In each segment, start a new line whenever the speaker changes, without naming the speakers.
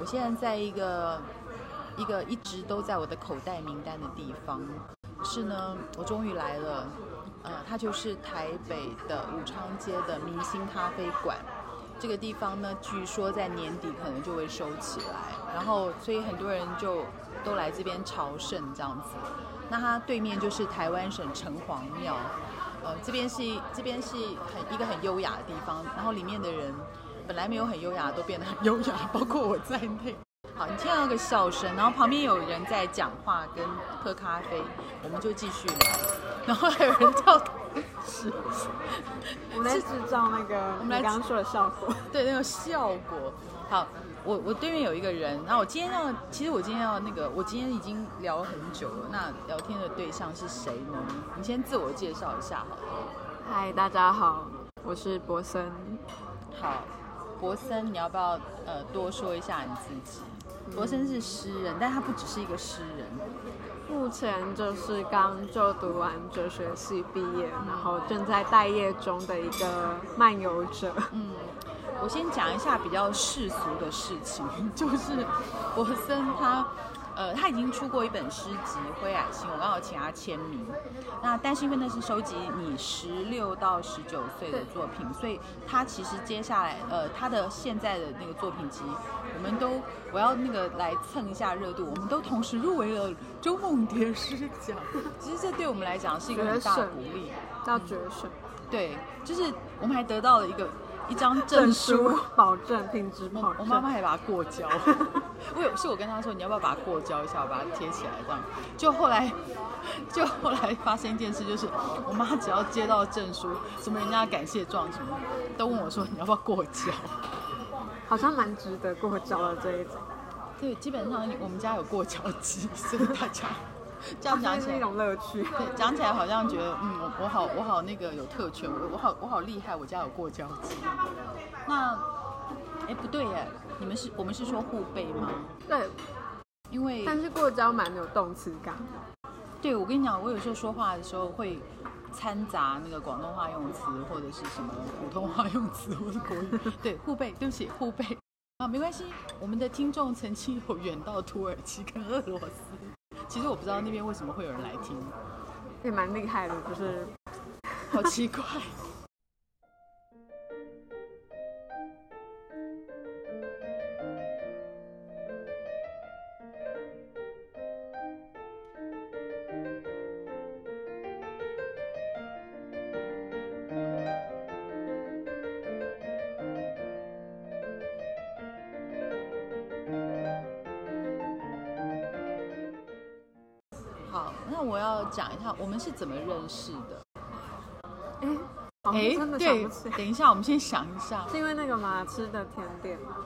我現在在一個一個一直都在我的口袋名單的地方，是呢，我終於來了。呃，它就是台北的武昌街的明星咖啡館，這個地方呢，據說在年底可能就會收起來，然後所以很多人就都來這邊朝聖這樣子。那它對面就是台灣省城隍廟，呃，這邊是這邊是很一個很優雅的地方，然後裡面的人。本來沒有很優雅，都變得很優雅，包括我在內。好，你聽到一個笑聲，然後旁邊有人在講話跟喝咖啡，我們就繼續來。然後有人叫， 是，是製造那個。我們來剛說的效果，對，那個效果。好，我我對面有一個人，那我今天要，其實我今天要那個，我今天已經聊很久了。那聊天的對象是誰呢？你先自我介紹一下，好的。嗨，大家好，我是柏森。好。柏森，你要不要呃多說一下你自己？柏森，嗯，是詩人，但他不只是一個詩人。目前就是剛就
讀完哲學系畢業，然後正在待業中的一個漫遊
者。嗯，我先講一下比較世俗的事情，就是柏森他。呃，他已經出過一本詩集《灰矮星》，我剛好請他簽名。那但是因為那是收集你十六到十九歲的作品，所以他其實接下來，呃，他的現在的那個作品集，我們都我要那個來蹭一下熱度，我們都同時入圍了周夢蝶詩獎。 其實這對我們來講是一個很大的鼓勵，決叫決賽、嗯。對，就是我們還得到了一個。一張證書保證品質保證。我，我媽媽還把它過膠。我有，是我跟她說，你要不要把它過膠一下，我把它貼起來這樣。就後來，就後來發生一件事，就是我媽只要接到證書，什麼人家感謝狀什麼，都問我說，你要不要過膠？好像蠻值得過膠的這一種。對，基本上我們家有過膠機，所以大家。 這樣講起來是一種樂趣。講起來好像覺得，嗯，我我好我好那個有特權，我好我好我好厲害，我家有過江雞。那，哎、欸，不對耶，你們是我們是說互背嗎？對，
因為但是過江蠻有動詞感。
對，我跟你講，我有時候說話的時候會摻雜那個廣東話用詞或者是什麼普通話用詞或者國語。對，互背，對不起，互背啊，沒關係。我們的聽眾曾經有遠到土耳其跟俄羅斯。其實我不知道那邊為什麼會有人來聽，也蠻厲害的，就是。好奇怪。 那我要講一下我們是怎麼認識的。哎哎、哦，對，等一下，我們先想一下，是因
為那個嘛，吃的甜點、啊，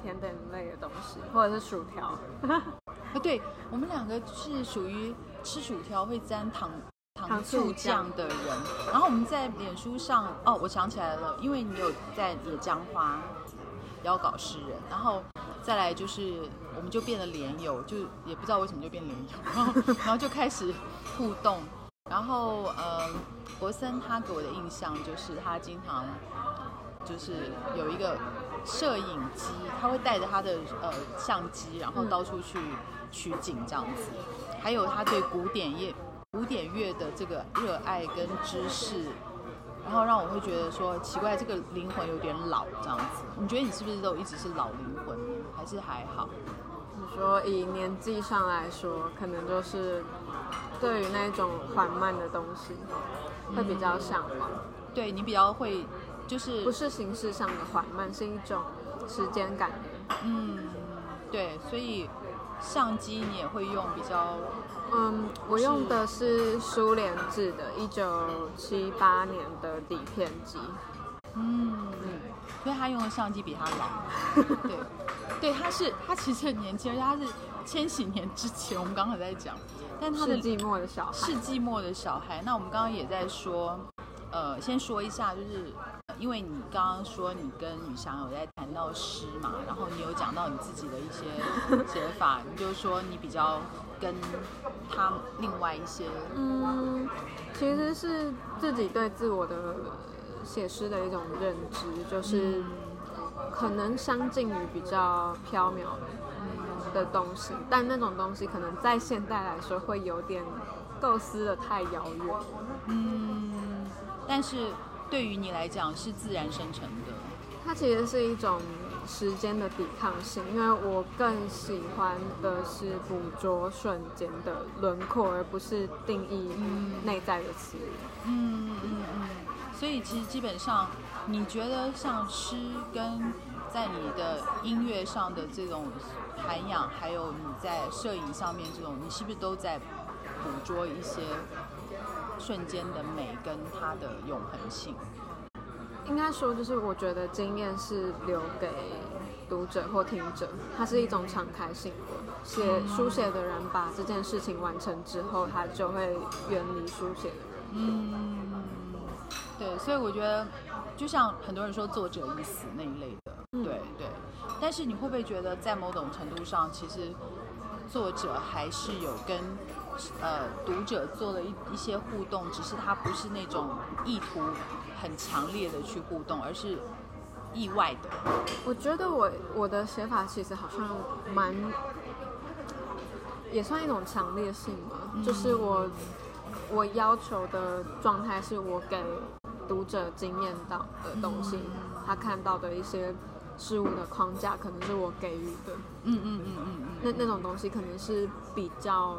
甜點類的東西，或者是薯
條、 哦。對，我們兩個是屬於吃薯條會沾糖糖醋醬的人醬。然後我們在臉書上，哦，我想起來了，因為你有在野薑花邀稿詩人，然後。再來就是，我們就變得連友，就也不知道為什麼就變連友，然後然後就開始互動。然後呃，柏森他給我的印象就是他經常就是有一個攝影機，他會帶着他的呃相機，然後到處去取景這樣子。還有他對古典樂古典樂的這個熱愛跟知識，然後讓我會覺得說奇怪，這個靈魂有點老這樣子。你覺得你是不是都一直是老靈魂？是還好，
你說以年紀上來說，可能就是對於那種緩慢的東西會比較向往，嗯。對，你比較會，就是不是形式上的緩慢，是一種時間感。嗯，
對，所以相機你也會用比較，
嗯，我用的是蘇聯制的，一九七八年的底片機。
嗯，因為他用的相機比他老。 對。對，他是他其實很年輕，而且他是千禧年之前，我們剛才在講，但他的是世紀末的小孩，是世紀末的小孩。那我們剛剛也在說，呃，先說一下，就是因為你剛剛說你跟雨翔有在談到詩嘛，然後你有講到你自己的一些寫法， 你就說你比較跟他另外一些，嗯，
其實是自己對自我的寫詩的一種認知，就是。嗯可能相近於比較縹緲的東西，嗯，但那種東西可能在現代來說會有點構思得太
遙遠，嗯，但是對於你來講是自然生成的，
它其實是一種時間的抵抗性，因為我更喜歡的是捕捉瞬間的輪廓，而不是定義
內在的詞語，嗯嗯嗯。嗯嗯所以其實基本上，你覺得像詩跟在你的音樂上的這種涵養，還有你在攝影上面這種，你是不是都在捕捉一些瞬間的美跟它的永恆性？應該說，就是我
覺得經驗是留給讀者或聽者，它是一種敞開性的。寫書寫的人把這件事情完成之後，他就會遠離
書寫的人。嗯。對，所以我覺得，就像很多人說“作者已死”那一類的，嗯、對對。但是你會不會覺得，在某種程度上，其實作者還是有跟呃讀者做了一一些互動，只是他不是那種意圖很強烈的去互動，而是意外的。
我覺得我我的寫法其實好像蠻也算一種強烈性嘛，就是我我要求的狀態是我跟。讀者經驗到的東西，他看到的一些事物的框架，可能是我給予的。嗯嗯嗯嗯嗯，那那種東西可能是比較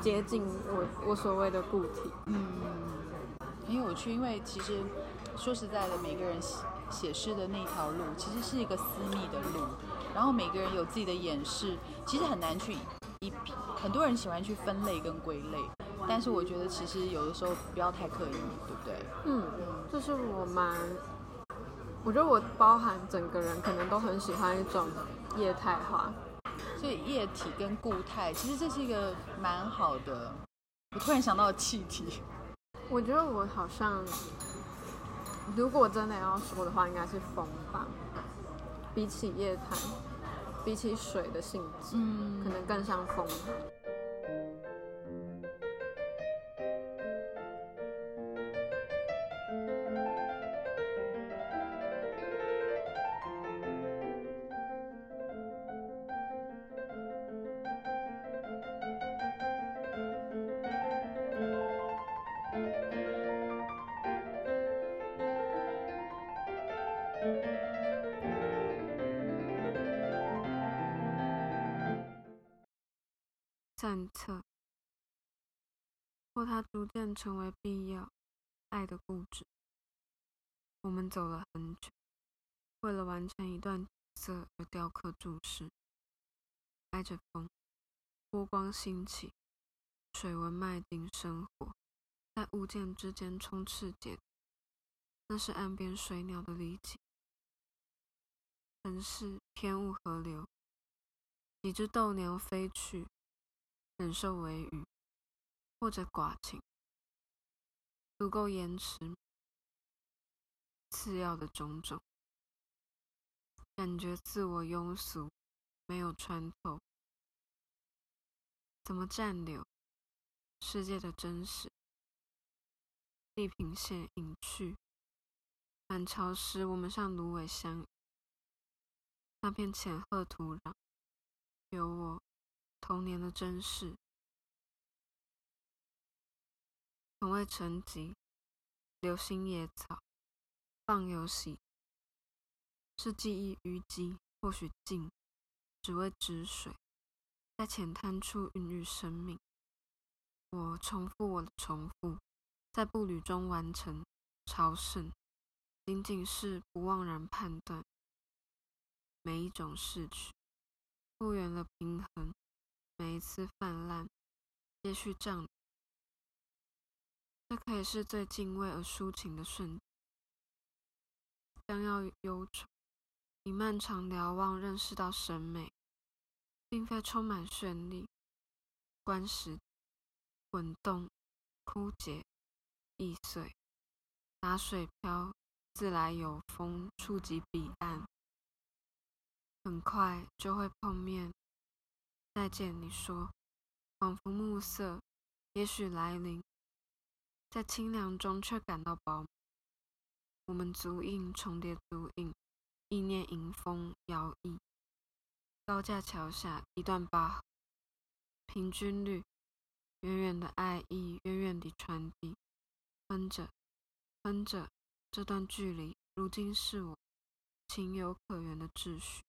接近我我所謂的固體嗯嗯。
嗯，很有趣，因為其實說實在的，每個人寫寫詩的那條路，其實是一個私密的路，然後每個人有自己的演示，其實很難去一，很多人喜歡去分類跟歸類。但是我覺得其實有的時候不要太刻意，對不對？嗯，就是我蠻，我覺
得我包含整個人可能都很喜歡一種液態化，
所以液體跟固態其實這是一個蠻好的。我突然想到的氣體，
我覺得我好像，如果真的要說的話，應該是風吧。比起液態，比起水的性質，嗯，可能更像風。
散策，或它逐漸成為必要。愛的固執。我們走了很久，為了完成一段景色而雕刻注視。挨着風，波光興起，水紋邁進生活在物件之間充斥解讀。那是岸邊水鳥的理解。城市，偏誤河流，幾隻豆娘飛去，忍受微雨，或者寡情，足夠延遲次要的種種，感覺自我庸俗，沒有穿透，怎麼暫留，世界的真實？地平線隱去，滿潮時，我們像蘆葦相依那片淺褐土壤，有我童年的珍視，從未沉寂，留心野草，旁有洗滌，是記憶淤積，或許靜，只為止水，在淺灘處孕育生命。我重複，我的重複，在步履中完成朝聖，僅僅是不妄然判斷。每一種逝去，復原了平衡；每一次氾濫，接續丈量。這可以是最敬畏而抒情的瞬間，將要憂愁。以漫長瞭望，認識到審美，並非充滿絢麗。觀石子，滾動，枯竭，易碎。打水漂，自來有風觸及彼岸。很快就會碰面。再見，你說，仿佛暮色，也許來臨，在清涼中卻感到飽滿。我們足印重疊，足印，意念迎風搖曳。高架橋下，一段疤平均率，遠遠的愛意，遠遠的傳遞。奔着，奔着，這段距離，如今是我情有可原的秩序。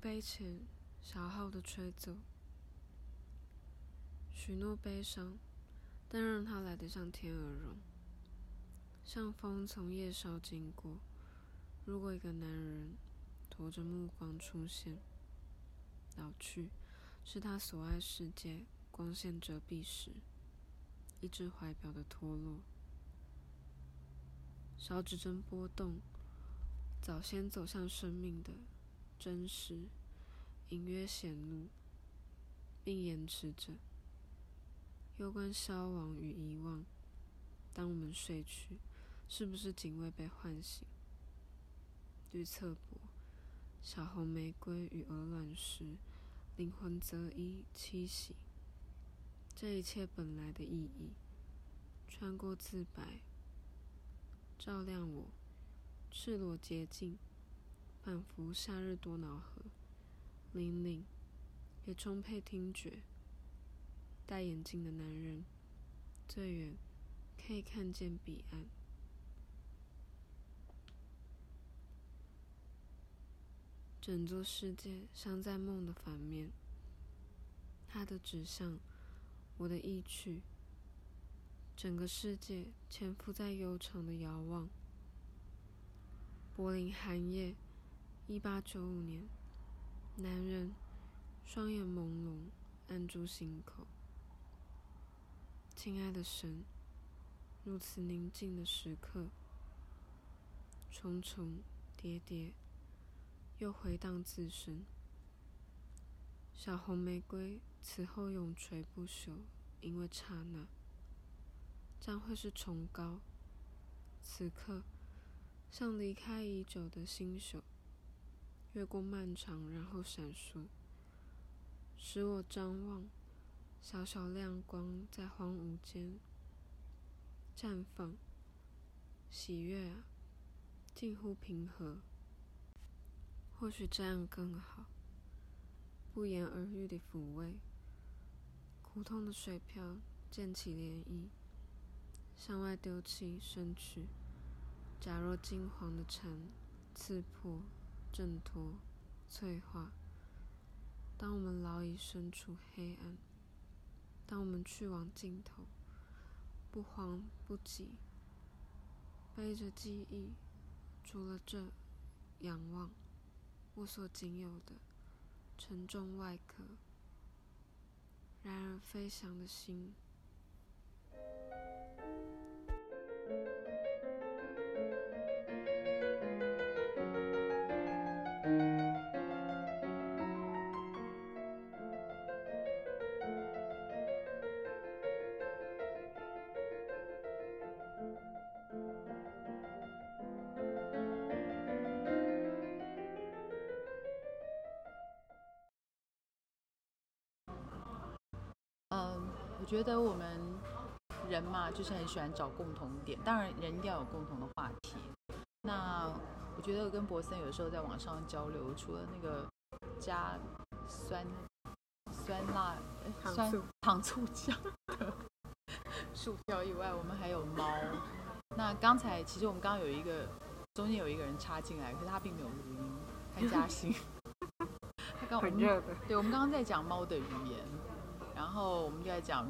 碑前，小號的吹奏，許諾悲傷，但讓它來得像天鵝絨，像風從葉梢經過。如果一個男人，駝着目光出現，老去是他所愛世界，光線遮蔽時，一只懷錶的脫落，小指針撥動，早先走向生命的，真實，隱約顯露，並延遲着，攸關消亡與遺忘。當我們睡去，是不是僅為被喚醒？綠側柏、小紅玫瑰與鵝卵石，靈魂擇一棲息。這一切本來的意義，穿過自白，照亮我，赤裸潔淨。仿佛夏日多瑙河，粼粼也充沛聽覺。戴眼鏡的男人，最遠可以看見彼岸。整座世界鑲在夢的反面。他的指向，我的意去。整個世界潛伏在悠長的遙望。柏林寒夜。一八九五年，男人雙眼朦朧，按住心口。親愛的神，如此寧靜的時刻，重重疊疊，又迴盪自身。小紅玫瑰此後永垂不朽，因為剎那，將會是崇高。此刻，像離開已久的星宿。越過漫長，然後閃爍，使我張望。小小亮光在荒蕪間綻放，喜悅啊，近乎平和。或許這樣更好，不言而喻地撫慰。苦痛的水漂濺起漣漪，向外丟棄身軀。假若金黃的蟬刺破。掙脫、脆化。當我們老已身處黑暗，當我們去往盡頭，不慌不急，背着記憶，除了這仰望，我所僅有的沉重外殼。然而，飛翔的心。
覺得我們人嘛，就是很喜歡找共同點。當然，人一定要有共同的話題。那我覺得我跟博森有時候在網上交流，除了那個加酸酸辣、酸糖，糖醋醬、薯條以外，我們還有貓。 那剛才其實我們剛剛有一個中間有一個人插進來，可是他並沒有錄音，
他加薪。
很熱的。他剛，對，我們剛剛在講貓的語言。然後我們就在講，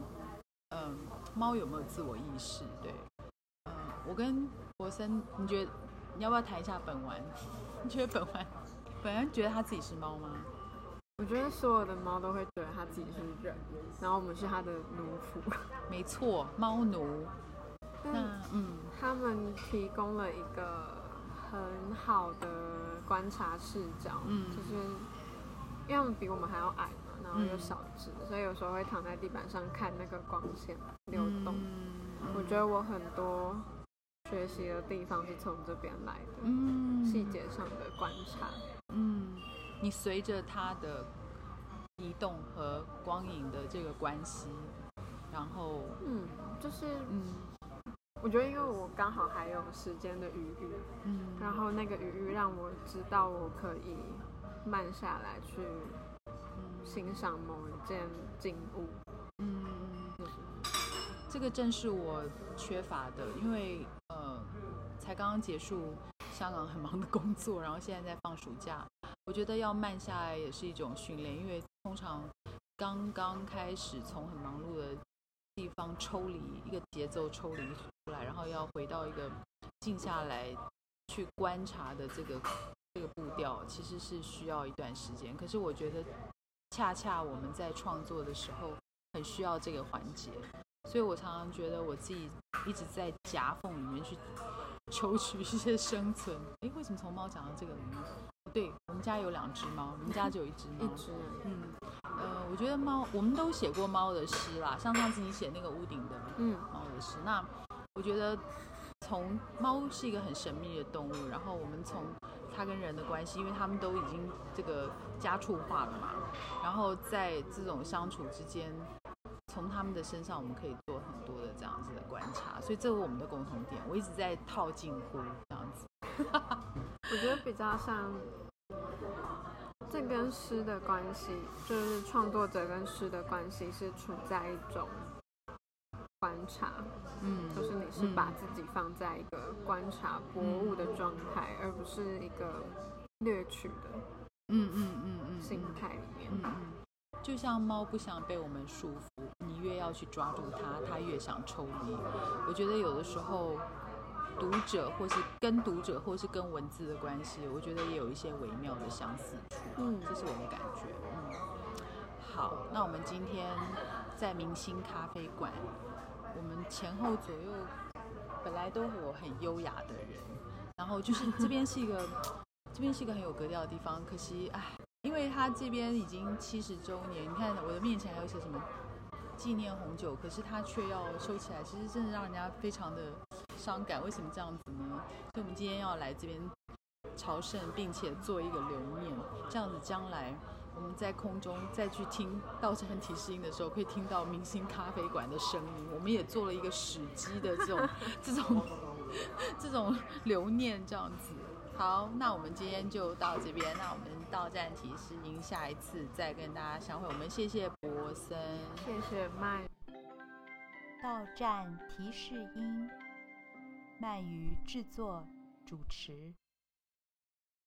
嗯，貓有沒有自我意識？對，嗯，我跟博森，你覺得你要不要談一下本丸？ 你覺得本丸，本丸覺得他自己是貓嗎？我覺得所有的貓都會覺得他自己是人，然後我們是他的奴僕。沒錯，貓奴。嗯，
那嗯，他們提供了一個很好的觀察視角，嗯，就是因為他們比我們還要矮。然後又小隻，嗯，所以有時候會躺在地板上看那個光線流動，嗯。我覺得我很多學習的地方是從這邊來的，嗯，細
節上的觀察，嗯，你隨着它的移動和光影的這個關係，然後嗯，就是
嗯，我覺得因為我剛好還有時間的餘裕，嗯，然後那個餘裕讓我知道我可以慢下來去欣賞
某一件景物，嗯，這個正是我缺乏的，因為呃，才剛剛結束香港很忙的工作，然後現在在放暑假，我覺得要慢下來也是一種訓練，因為通常剛剛開始從很忙碌的地方抽離，一個節奏抽離出來，然後要回到一個靜下來去觀察的這個這個步調，其實是需要一段時間，可是我覺得。恰恰我們在創作的時候很需要這個環節，所以我常常覺得我自己一直在夾縫裡面去求取一些生存。哎，為什麼從貓講到這個呢？對，我們家有兩隻貓，我們家只有一隻貓。 一隻。嗯，呃，我覺得貓，我們都寫過貓的詩啦，像上，上次你寫那個屋頂的嗯貓的詩，嗯，那我覺得。從貓是一個很神秘的動物，然後我們從它跟人的關係，因為它們都已經這個家畜化了嘛，然後在這種相處之間，從它們的身上我們可以做很多的這樣子的觀察，所以這是我們的共同點。我一直在套近乎這樣子。 我
覺得比較像，這跟詩的關係，就是創作者跟詩的關係是處在一種。觀察，嗯，就是你是把自己放在一個觀察博物的狀態，嗯、而不是一
個獵取的，嗯嗯嗯嗯，心態裡面，嗯嗯，就像貓不想被我們束縛，你越要去抓住它，它越想抽離。我覺得有的時候讀者或是跟讀者或是跟文字的關係，我覺得也有一些微妙的相似處，嗯，這是我的感覺，嗯。好，那我們今天在明星咖啡館。我們前後左右本來都很優雅的人，然後就是這邊是一個，這邊是一個很有格調的地方。可惜哎，因為他這邊已經七十周年，你看我的面前還有些什麼紀念紅酒，可是他卻要收起來，其實真的讓人家非常的傷感。為什麼這樣子呢？所以我們今天要來這邊朝聖，並且做一個留念，這樣子將來。我們在空中再去聽到站提示音的時候，可以聽到明星咖啡館的聲音。我們也做了一個史記的這種， 這種、這種、這種留念這樣子。好，那我們今天就到這邊。那我們到站提示音，下一次再跟大家相會。我們謝謝柏森，謝謝漫漁。到站提示音，漫漁製作主持。